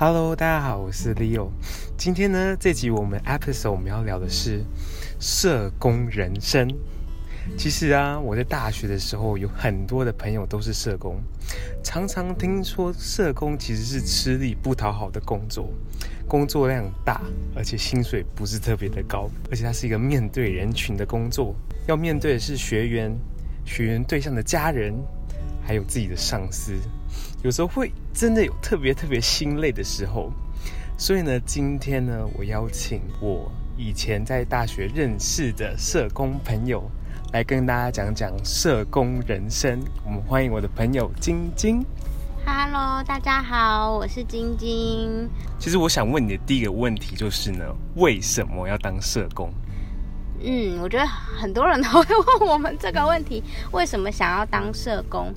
Hello，大家好，我是 Leo。今天呢，這集我們 episode 我們要聊的是社工人生。其實啊，我在大學的時候有很多的朋友都是社工，常常聽說社工其實是吃力不討好的工作，工作量大，而且薪水不是特別的高，而且它是一個面對人群的工作，要面對的是學員、學員對象的家人，還有自己的上司。有時候會真的有特別特別心累的時候，所以呢，今天呢，我邀請我以前在大學認識的社工朋友來跟大家講講社工人生。我們歡迎我的朋友晶晶。Hello，大家好，我是晶晶。其實我想問你的第一個問題就是呢，為什麼要當社工？嗯，我覺得很多人都會問我們這個問題，為什麼想要當社工？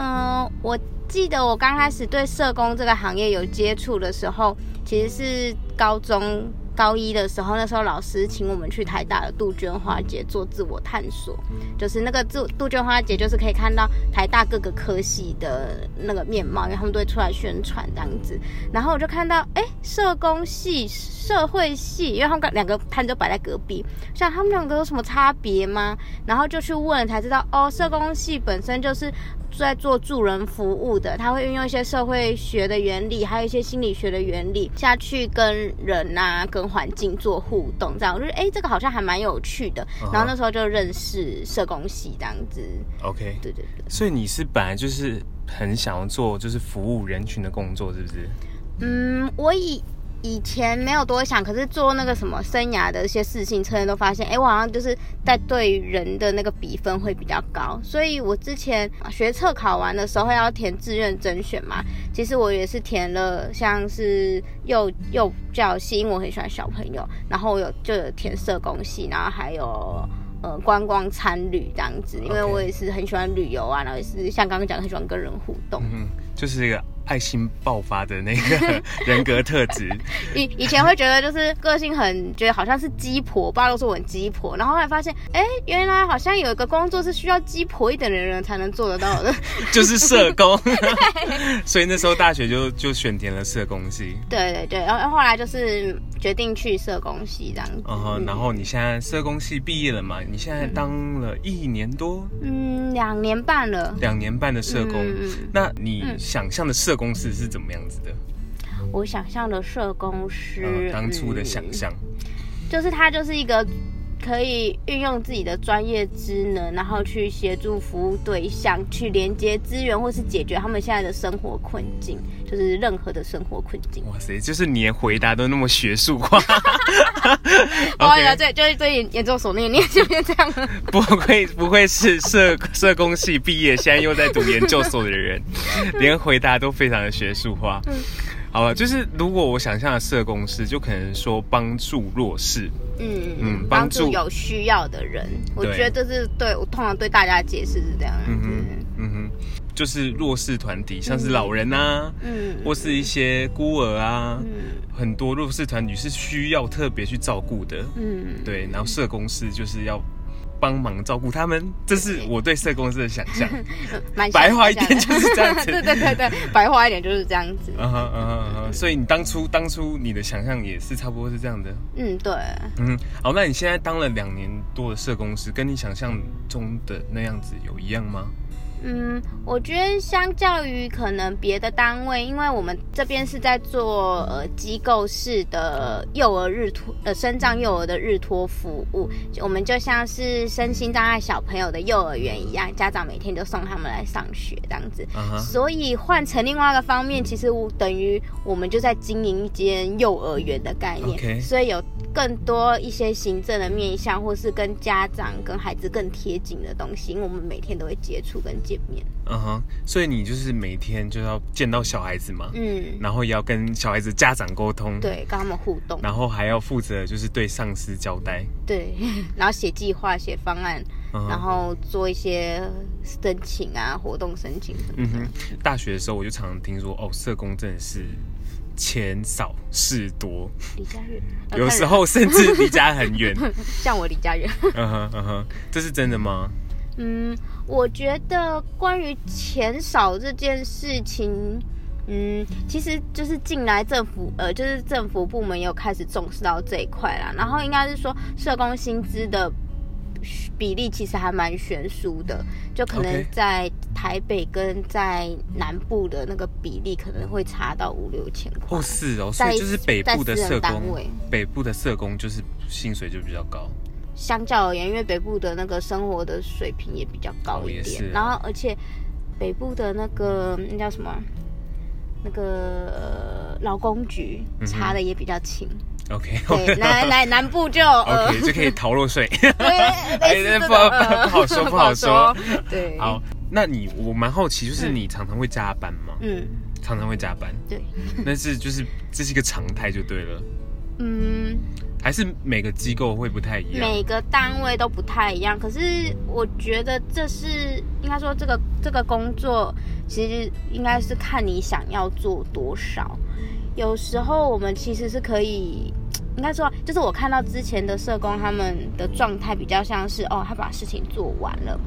嗯，我記得我剛開始對社工這個行業有接觸的時候，其實是高中。高一的時候，那時候老師請我們去台大的杜鵑花節做自我探索，就是那個自杜杜鵑花節，就是可以看到台大各個科系的那個面貌，因為他們都會出來宣傳這樣子。然後我就看到，哎、欸，社工系、社會系，因為他們兩個攤都擺在隔壁，像他們兩個有什麼差別嗎？然後就去問，才知道哦，社工系本身就是在做助人服務的，他會運用一些社會學的原理，還有一些心理學的原理下去跟人啊，跟環境做互動，這樣我覺得，欸，這個好像還蠻有趣的。Uh huh. 然後那時候就認識社工系這樣子。OK，對對對。所以你是本來就是很想要做就是服務人群的工作，是不是？嗯，我以。以前沒有多想，可是做那個什麼生涯的一些事情，成人都發現，哎、欸，我好像就是在對人的那個比分會比較高。所以我之前學測考完的時候要填志願甄選嘛，其實我也是填了，像是幼幼教系，因為我很喜歡小朋友，然後我有就有填社工系，然後還有呃觀光餐旅這樣子，因為我也是很喜歡旅遊啊，然後也是像剛剛講的很喜歡跟人互動，嗯，就是這個。愛心爆發的那個人格特質，以 以前會覺得就是個性很，覺得好像是雞婆，爸都說我很雞婆。然後後來發現，哎、欸，原來好像有一個工作是需要雞婆一點的人才能做得到的，就是社工。對 所以那時候大學就就選填了社工系。對對對，然後後來就是決定去社工系這樣。然後，然後你現在社工系畢業了嘛？你現在當了一年多，嗯，兩年半了，兩年半的社工。嗯、那你想象的社工？公司是怎麼樣子的？我想象的社工是，呃，當初的想象，嗯，就是他就是一個。可以運用自己的專業知能，然後去協助服務對象，去連接資源或是解決他們現在的生活困境，就是任何的生活困境。哇塞，就是你連回答都那麼學術化。哈哈對，就是對研究所那念。就變這樣了。 不會，不會是社社工系畢業，現在又在讀研究所的人， 連回答都非常的學術化。 嗯。好了，就是如果我想象的社工師就可能說幫助弱勢，嗯嗯，幫助、幫助有需要的人，我覺得這是對，對我通常對大家解釋是這樣子，嗯哼，嗯哼，就是弱勢團體，像是老人啊，嗯，或是一些孤兒啊，嗯，很多弱勢團體是需要特別去照顧的，嗯，對，然後社工師就是要。幫忙照顧他們，這是我對社工師的想象。 想白話一點就是這樣子。對 對對對，白話一點就是這樣子。所以你當初當初你的想象也是差不多是這樣的。 嗯，對。嗯，好，那你現在當了兩年多的社工師，跟你想象中的那樣子有一樣嗎？嗯，我覺得相較於可能別的單位，因為我們這邊是在做呃機構式的幼兒日托，呃，身障幼兒的日托服務，就我們就像是身心障礙小朋友的幼兒園一樣，家長每天都送他們來上學這樣子，uh huh. 所以換成另外一個方面，其實等於我們就在經營一間幼兒園的概念，Okay. 所以有。更多一些行政的面向，或是跟家長、跟孩子更貼近的東西，因為我們每天都會接觸跟見面。嗯哼、uh，huh. 所以你就是每天就要見到小孩子嘛，嗯，然後也要跟小孩子家長溝通，對，跟他們互動，然後還要負責就是對上司交代，對， 然後寫計劃、寫方案，uh huh. 然後做一些申請啊、活動申請什麼的，嗯哼，uh huh. 大學的時候我就常聽說哦，社工真的是。錢少事多，離家遠，有時候甚至離家很遠，像我離家遠。嗯哼嗯哼，這是真的嗎？嗯，我覺得關於錢少這件事情，嗯，其實就是近來政府呃，就是政府部門有開始重視到這一塊啦。然後應該是說社工薪資的。比例其實還蠻懸殊的，就可能在台北跟在南部的那個比例可能會差到五六千塊。哦是哦，所以就是北部的社工，位北部的社工就是薪水就比較高。相較而言，因為北部的那個生活的水平也比較高一點，哦啊、然後而且北部的那個那叫什麼，那個呃、勞工局查的也比較勤。嗯嗯 OK，來來南部就 OK 就可以逃漏稅。對，哎，不好說，不好說。對。好，那你我蠻好奇，就是你常常會加班嗎？嗯，常常會加班。對。但是就是這是一個常態，就對了。嗯。還是每個機構會不太一樣，每個單位都不太一樣。可是我覺得這是應該說這個這個工作，其實應該是看你想要做多少。有時候我們其實是可以，應該說，就是我看到之前的社工他們的狀態比較像是，哦，他把事情做完了，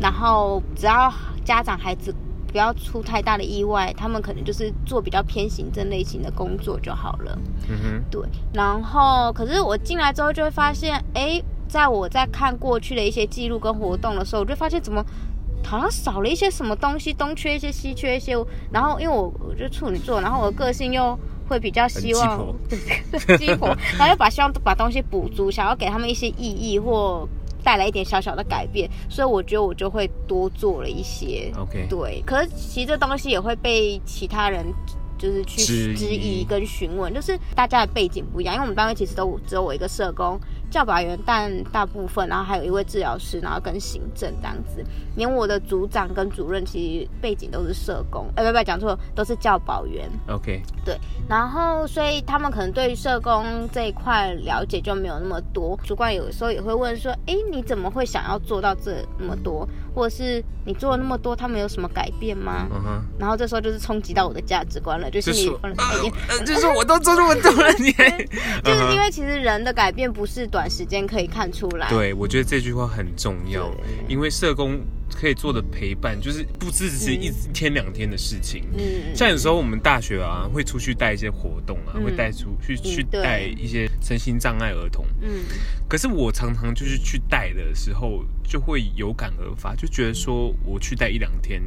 然後只要家長孩子不要出太大的意外，他們可能就是做比較偏行政類型的工作就好了。嗯哼，對。然後，可是我進來之後就會發現，誒，在我在看過去的一些記錄跟活動的時候，我就發現怎麼。好像少了一些什麼東西，東缺一些，西缺一些。然後，因為我就處女座，然後我的個性又會比較希望，對激活，然後把希望把東西補足，想要給他們一些意義或帶來一點小小的改變。所以我覺得我就會多做了一些，Okay. 對。可是其實這東西也會被其他人就是去質疑跟詢問，就是大家的背景不一樣，因為我們單位其實都只有我一個社工。教保員，但大部分，然後還有一位治療師，然後跟行政這樣子。連我的組長跟主任，其實背景都是社工，哎、欸，不不，講錯，都是教保員。OK，對。然後，所以他們可能對社工這一塊了解就沒有那麼多。主管有時候也會問說：“哎、欸，你怎麼會想要做到這那麼多？或者是你做了那麼多，他們有什麼改變嗎？”嗯哼。Uh huh. 然後這時候就是衝擊到我的價值觀了，就是你，就是，就是我都做這麼多了，你， 就是因為其實人的改變不是短。短時間可以看出來，對，我覺得這句話很重要，對因為社工可以做的陪伴，就是不只只是一天兩天的事情。嗯，像有時候我們大學啊，會出去帶一些活動啊，嗯、會帶出去去帶一些身心障礙兒童。嗯對，可是我常常就是去帶的時候，就會有感而發，就覺得說，我去帶一兩天。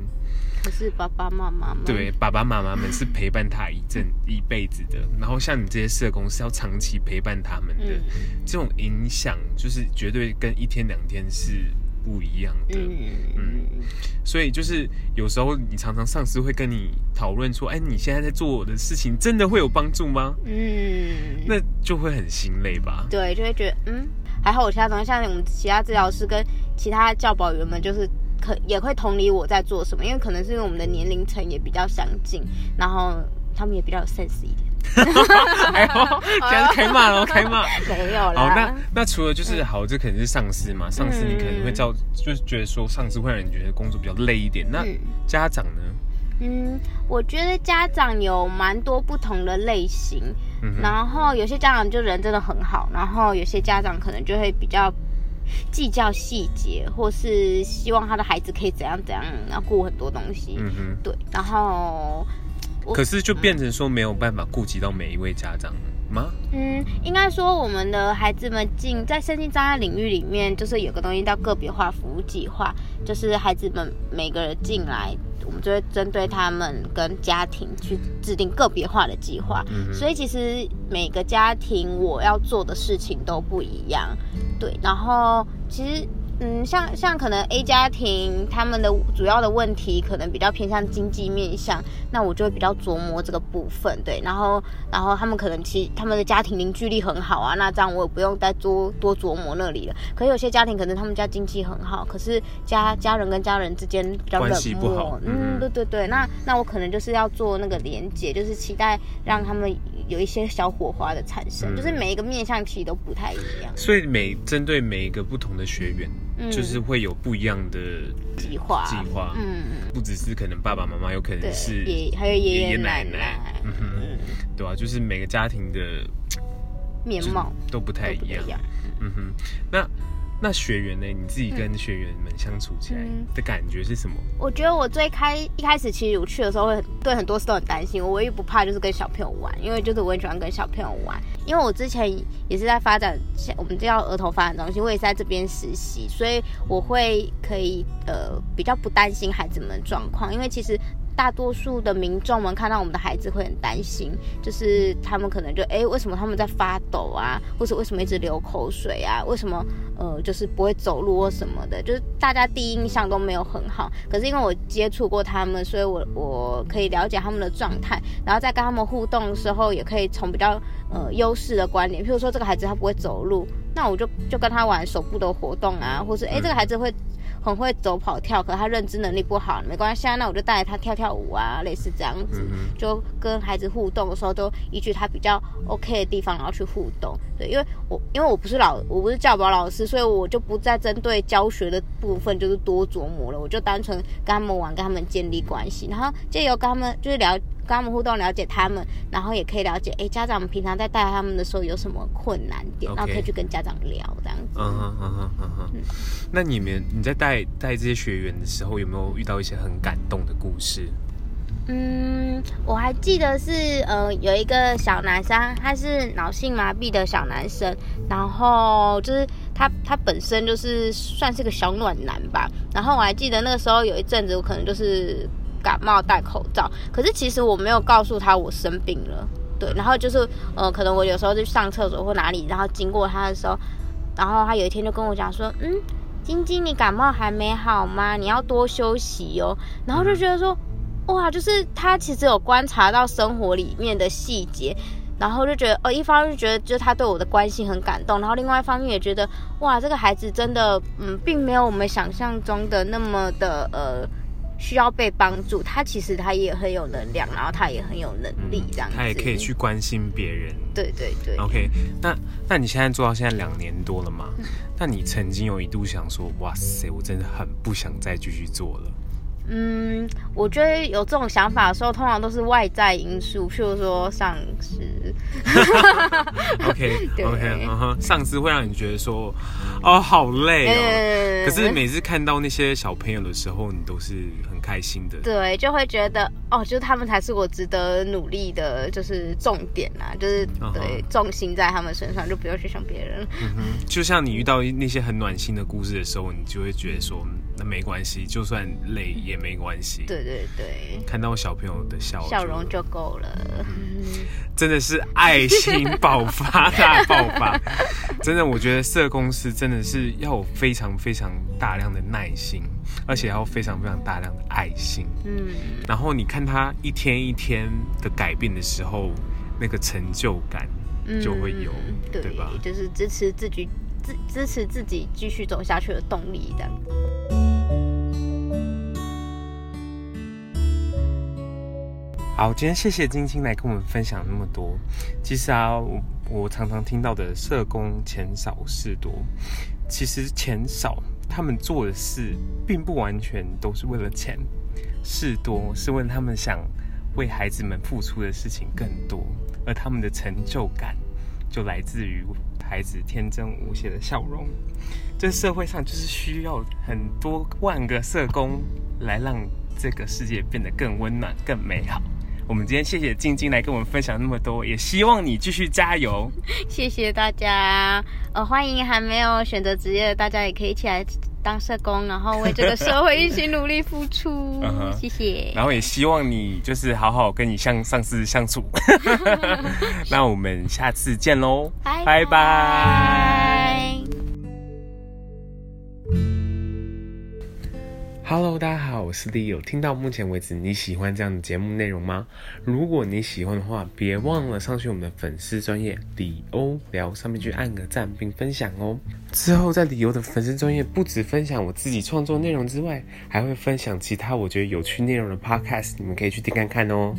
可是爸爸媽媽們，對爸爸媽媽們是陪伴他一陣、嗯、一輩子的。然後像你這些社工是要長期陪伴他們的，嗯、這種影響就是絕對跟一天兩天是不一樣的。嗯，嗯，所以就是有時候你常常上司會跟你討論說，哎，你現在在做我的事情真的會有幫助嗎？嗯，那就會很心累吧。對，就會覺得嗯，還好我其他同事，像我們其他治療師跟其他教保員們就是。可也會同理我在做什麼，因為可能是因為我們的年齡層也比較相近，然後他們也比較有 sense 一點。哈哈哈哈哈，開始開罵了，開罵。沒有了啦。好，那那除了就是好，這可能是上司嘛。嗯、上司你可能會遭，就是覺得說上司會讓人覺得工作比較累一點。嗯、那家長呢？嗯，我覺得家長有蠻多不同的類型，嗯、哼然後有些家長就人真的很好，然後有些家長可能就會比較。計較細節，或是希望他的孩子可以怎樣怎樣，要、嗯、顧很多東西。嗯哼，對。然後，可是就變成說沒有辦法顧及到每一位家長嗎？嗯，應該說我們的孩子們進在身心障礙領域裡面，就是有個東西叫個別化服務計劃，就是孩子們每個人進來，我們就會針對他們跟家庭去制定個別化的計劃。嗯哼，所以其實每個家庭我要做的事情都不一樣。對，然後其實，嗯，像像可能 A 家庭他們的主要的問題可能比較偏向經濟面向。那我就會比較琢磨這個部分。對，然後然後他們可能其他們的家庭凝聚力很好啊，那這樣我也不用再多多琢磨那裡了。可是有些家庭可能他們家經濟很好，可是家家人跟家人之間比較冷漠。嗯，對對對，嗯、那那我可能就是要做那個連接，就是期待讓他們。有一些小火花的產生，就是每一個面向其實都不太一樣，所以每針對每一個不同的學員，就是會有不一樣的計劃計劃，嗯，不只是可能爸爸媽媽有可能是，爺還有爺爺奶奶，嗯哼，對啊，就是每個家庭的面貌都不太一樣，嗯哼，那。那學員呢？你自己跟學員們相處起來的感覺是什麼？嗯嗯，我覺得我最開一開始，其實我去的時候會很對很多事都很擔心。我唯一不怕就是跟小朋友玩，因為就是我很喜歡跟小朋友玩。因為我之前也是在發展，我們叫兒童發展中心，我也是在這邊實習，所以我會可以呃比較不擔心孩子們狀況，因為其實。大多數的民眾們看到我們的孩子會很擔心，就是他們可能就哎，為什麼他們在發抖啊，或者為什麼一直流口水啊，為什麼呃，就是不會走路或什麼的，就是大家第一印象都沒有很好。可是因為我接觸過他們，所以我我可以了解他們的狀態，然後在跟他們互動的時候，也可以從比較呃優勢的觀點，譬如說這個孩子他不會走路，那我就就跟他玩手部的活動啊，或是哎這個孩子會很會走跑跳，可他認知能力不好，沒關係。啊，那我就帶着他跳跳舞啊，類似這樣子，就跟孩子互動的時候都依據他比較 OK 的地方，然後去互動。對，因為我因為我不是老，我不是教保老師，所以我就不再針對教學的部分就是多琢磨了，我就單純跟他們玩，跟他們建立關係，然後藉由跟他們就是聊。跟他們互動，了解他們，然後也可以了解，哎、欸，家長們平常在帶他們的時候有什麼困難點，Okay. 然後可以去跟家長聊這樣子。嗯嗯嗯嗯嗯嗯。那你們你在帶帶這些學員的時候，有沒有遇到一些很感動的故事？嗯，我還記得是，呃，有一個小男生，他是腦性麻痹的小男生，然後就是他他本身就是算是個小暖男吧。然後我還記得那個時候有一陣子，我可能就是。感冒戴口罩，可是其實我沒有告訴他我生病了，對，然後就是，呃，可能我有時候就上廁所或哪裡，然後經過他的時候，然後他有一天就跟我講說，嗯，晶晶你感冒還沒好嗎？你要多休息哦。然後就覺得說，哇，就是他其實有觀察到生活裡面的細節，然後就覺得，哦、呃，一方面就覺得就是他對我的關心很感動，然後另外一方面也覺得，哇，這個孩子真的，嗯，並沒有我們想象中的那麼的，呃。需要被幫助，他其實他也很有能量，然後他也很有能力，這樣子、嗯、他也可以去關心別人。對對對。OK，那那你現在做到現在兩年多了嗎？嗯、那你曾經有一度想說，哇塞，我真的很不想再繼續做了。嗯，我覺得有這種想法的時候，通常都是外在因素，譬如說上司。OK，OK，哈哈，uh-huh，上司會讓你覺得說，哦，好累哦。欸、可是每次看到那些小朋友的時候，你都是很開心的。對，就會覺得哦，就是他們才是我值得努力的，就是重點啊，就是、uh huh. 對，重心在他們身上，就不要去想別人。Uh、huh, 就像你遇到那些很暖心的故事的時候，你就會覺得說。沒關係，就算累也沒關係。對對對，看到小朋友的笑笑容就夠了、嗯，真的是愛心爆發大爆發。 真的，我覺得社工是真的是要有非常非常大量的耐心，嗯、而且要非常非常大量的愛心。嗯，然後你看他一天一天的改變的時候，那個成就感就會有，嗯、對,對吧？就是支持自己、自支持自己繼續走下去的動力，這樣。好，今天謝謝晶晶來跟我們分享那麼多。其實啊，我我常常聽到的社工錢少事多，其實錢少，他們做的事並不完全都是為了錢；事多是問他們想為孩子們付出的事情更多，而他們的成就感就來自於孩子天真無邪的笑容。這社會上就是需要很多萬個社工來讓這個世界變得更溫暖、更美好。我們今天謝謝靜靜來跟我們分享那麼多，也希望你繼續加油。 謝謝大家，呃、哦，歡迎還沒有選擇職業的大家，也可以一起來當社工，然後為這個社會一起努力付出。 嗯、哼謝謝。然後也希望你就是好好跟你上上司相處。那我們下次見嘍，拜拜。Hello，大家好，我是李歐。聽到目前為止，你喜歡這樣的節目內容嗎？如果你喜歡的話，別忘了上去我們的粉絲專頁李歐聊上面去按個讚並分享哦。之後在李歐的粉絲專頁，不只分享我自己創作內容之外，還會分享其他我覺得有趣內容的 podcast，你們可以去聽看看哦。